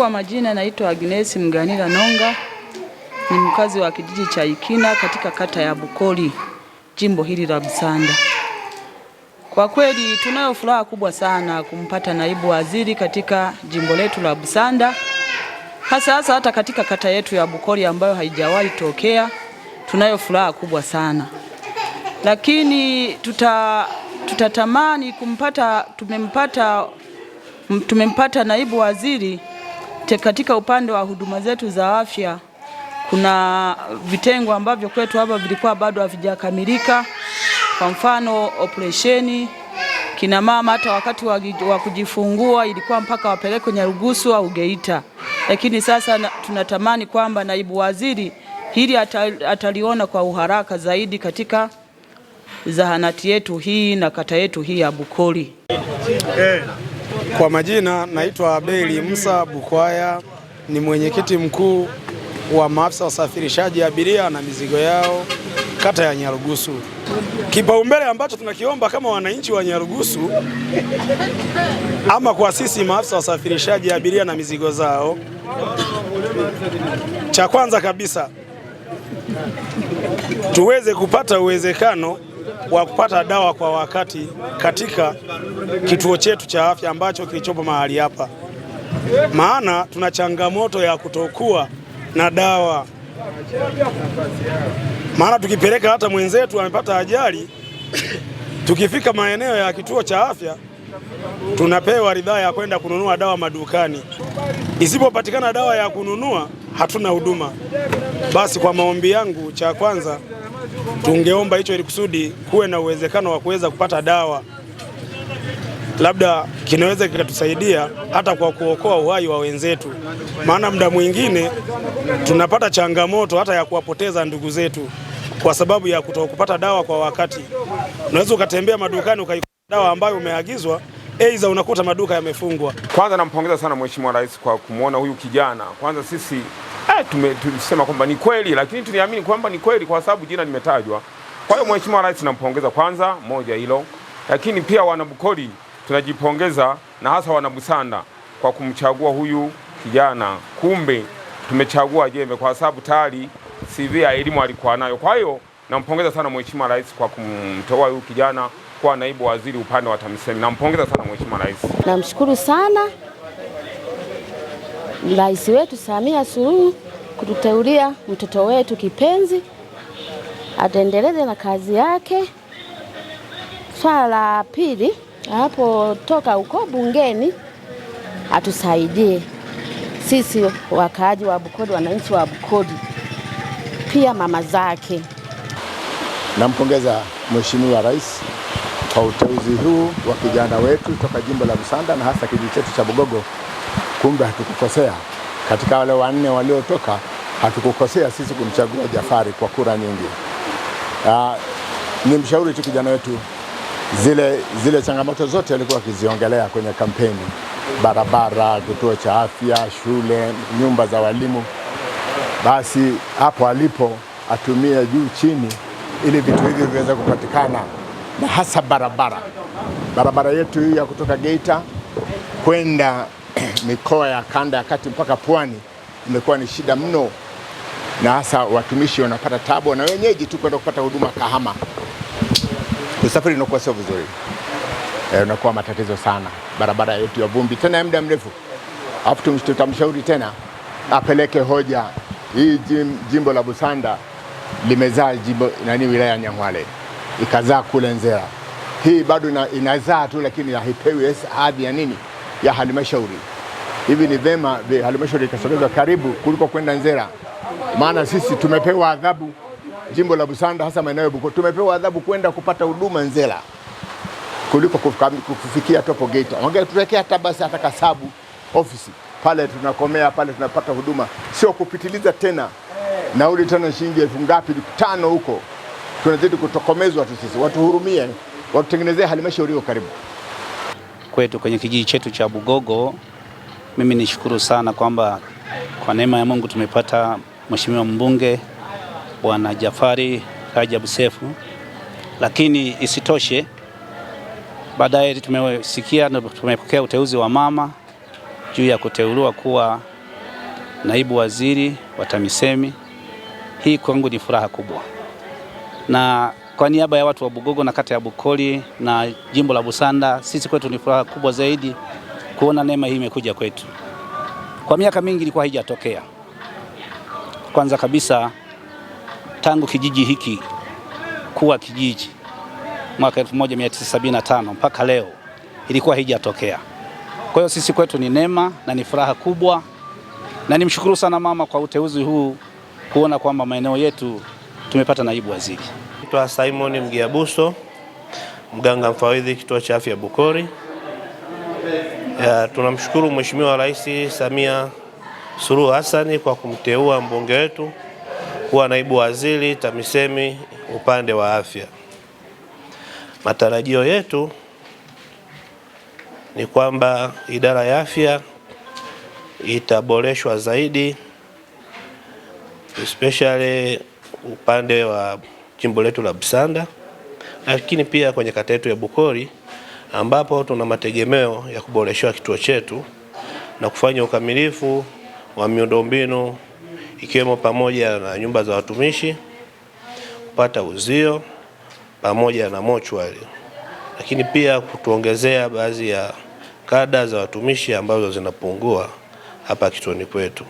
Kwa majina naitwa Agnes Mganila Nonga, ni mkazi wa kijiji cha Ikina katika kata ya Bukoli, jimbo hili la Busanda. Kwa kweli tunayo furaha kubwa sana kumpata naibu waziri katika jimbo letu la Busanda, hasa hasa hata katika kata yetu ya Bukoli ambayo haijawahi tokea. Tunayo furaha kubwa sana lakini tuta tutatamani kumpata tumempata tumempata naibu waziri katika upande wa huduma zetu za afya kuna vitengo ambavyo kwetu hapa vilikuwa bado havijakamilika. Kwa mfano operesheni, kina mama hata wakati wa kujifungua ilikuwa mpaka wapelekwe Nyarugusu au Geita, lakini sasa tunatamani kwamba naibu waziri hili ataliona kwa uharaka zaidi katika zahanati yetu hii na kata yetu hii ya Bukoli. Eh. Kwa majina naitwa Abeli Musa Bukwaya, ni mwenyekiti mkuu wa maafisa wasafirishaji abiria na mizigo yao kata ya Nyarugusu. Kipaumbele ambacho tunakiomba kama wananchi wa Nyarugusu ama kwa sisi maafisa wasafirishaji abiria na mizigo zao, cha kwanza kabisa tuweze kupata uwezekano wa kupata dawa kwa wakati katika kituo chetu cha afya ambacho kilichopo mahali hapa, maana tuna changamoto ya kutokuwa na dawa, maana tukipeleka hata mwenzetu amepata ajali tukifika maeneo ya kituo cha afya tunapewa ridhaa ya kwenda kununua dawa madukani. Isipopatikana dawa ya kununua, hatuna huduma. Basi kwa maombi yangu, cha kwanza tungeomba hicho ili kusudi kuwe na uwezekano wa kuweza kupata dawa, labda kinaweza kikatusaidia hata kwa kuokoa uhai wa wenzetu, maana muda mwingine tunapata changamoto hata ya kuwapoteza ndugu zetu kwa sababu ya kutokupata dawa kwa wakati. Unaweza ukatembea madukani ukaikuta dawa ambayo umeagizwa, aidha unakuta maduka yamefungwa. Kwanza nampongeza sana Mheshimiwa Rais kwa kumwona huyu kijana. Kwanza sisi eh, tumesema kwamba ni kweli, lakini tuliamini kwamba ni kweli kwa sababu jina limetajwa. Kwa hiyo Mheshimiwa Rais nampongeza kwanza, moja hilo, lakini pia wanabukoli tunajipongeza na hasa wanabusanda kwa kumchagua huyu kijana. Kumbe tumechagua jembe, kwa sababu tayari CV ya elimu alikuwa nayo. Kwa hiyo nampongeza sana Mheshimiwa Rais kwa kumtoa huyu kijana kuwa naibu waziri upande wa TAMISEMI. Nampongeza sana Mheshimiwa Rais, namshukuru sana. Rais wetu Samia Suluhu kututeulia mtoto wetu kipenzi ataendeleza na kazi yake. Swala la pili, anapotoka huko bungeni atusaidie sisi wakaaji wa Bukodi, wananchi wa Bukodi, pia mama zake. Nampongeza Mheshimiwa Rais kwa uteuzi huu wa kijana wetu toka jimbo la Busanda na hasa kijiji chetu cha Bugogo kumbe hatukukosea. Katika wale wanne waliotoka, hatukukosea sisi kumchagua Jafari kwa kura nyingi. Uh, ah, ni mshauri tu kijana wetu, zile, zile changamoto zote alikuwa akiziongelea kwenye kampeni, barabara, kituo cha afya, shule, nyumba za walimu, basi hapo alipo atumie juu chini, ili vitu hivyo viweze kupatikana, na hasa barabara, barabara yetu hii ya kutoka Geita kwenda mikoa ya kanda ya kati mpaka pwani imekuwa ni shida mno, na hasa watumishi wanapata tabu na wenyeji tu kwenda kupata huduma Kahama. Usafiri unakuwa sio vizuri, unakuwa eh, matatizo sana, barabara yetu ya vumbi tena ya muda mrefu. Alafu tutamshauri tena apeleke hoja hii. Jimbo la Busanda limezaa jimbo nani, wilaya ya Nyang'hwale ikazaa kule Nzera, hii bado inazaa tu, lakini haipewi hadhi ya nini ya halmashauri. Hivi ni vema halmashauri ikasogezwa karibu kuliko kwenda Nzera, maana sisi tumepewa adhabu jimbo la Busanda, hasa maeneo ya Bukoto, tumepewa adhabu kwenda kupata huduma Nzera kuliko kufikia Topo Gate. Wangetuwekea hata basi hata Kasabu ofisi pale, tunakomea pale, tunapata huduma, sio kupitiliza tena nauli tena shilingi elfu ngapi tano huko, tunazidi kutokomezwa tu sisi. Watuhurumie, watutengenezee halmashauri hiyo karibu kwetu kwenye kijiji chetu cha Bugogo. Mimi nishukuru sana kwamba kwa neema ya Mungu tumepata mheshimiwa mbunge Bwana Jafari Rajab Sefu, lakini isitoshe baadaye tumesikia tumepokea uteuzi wa mama juu ya kuteuliwa kuwa naibu waziri wa TAMISEMI. Hii kwangu ni furaha kubwa na kwa niaba ya watu wa Bugogo na kata ya Bukoli na jimbo la Busanda, sisi kwetu ni furaha kubwa zaidi kuona neema hii imekuja kwetu. Kwa miaka mingi ilikuwa haijatokea. Kwanza kabisa tangu kijiji hiki kuwa kijiji mwaka 1975 mpaka leo ilikuwa haijatokea. Kwa hiyo sisi kwetu ni neema na ni furaha kubwa, na nimshukuru sana mama kwa uteuzi huu kuona kwamba maeneo yetu tumepata naibu waziri. Naitwa Simon Mgiabuso, mganga mfawidhi kituo cha afya Bukori. Ya, tunamshukuru Mheshimiwa Rais Samia Suluhu Hassan kwa kumteua mbunge wetu kuwa naibu waziri TAMISEMI upande wa afya. Matarajio yetu ni kwamba idara ya afya itaboreshwa zaidi especially upande wa jimbo letu la Busanda, lakini pia kwenye kata yetu ya Bukori ambapo tuna mategemeo ya kuboreshwa kituo chetu na kufanya ukamilifu wa miundombinu ikiwemo pamoja na nyumba za watumishi kupata uzio pamoja na mochwali lakini pia kutuongezea baadhi ya kada za watumishi ambazo zinapungua hapa kituoni kwetu.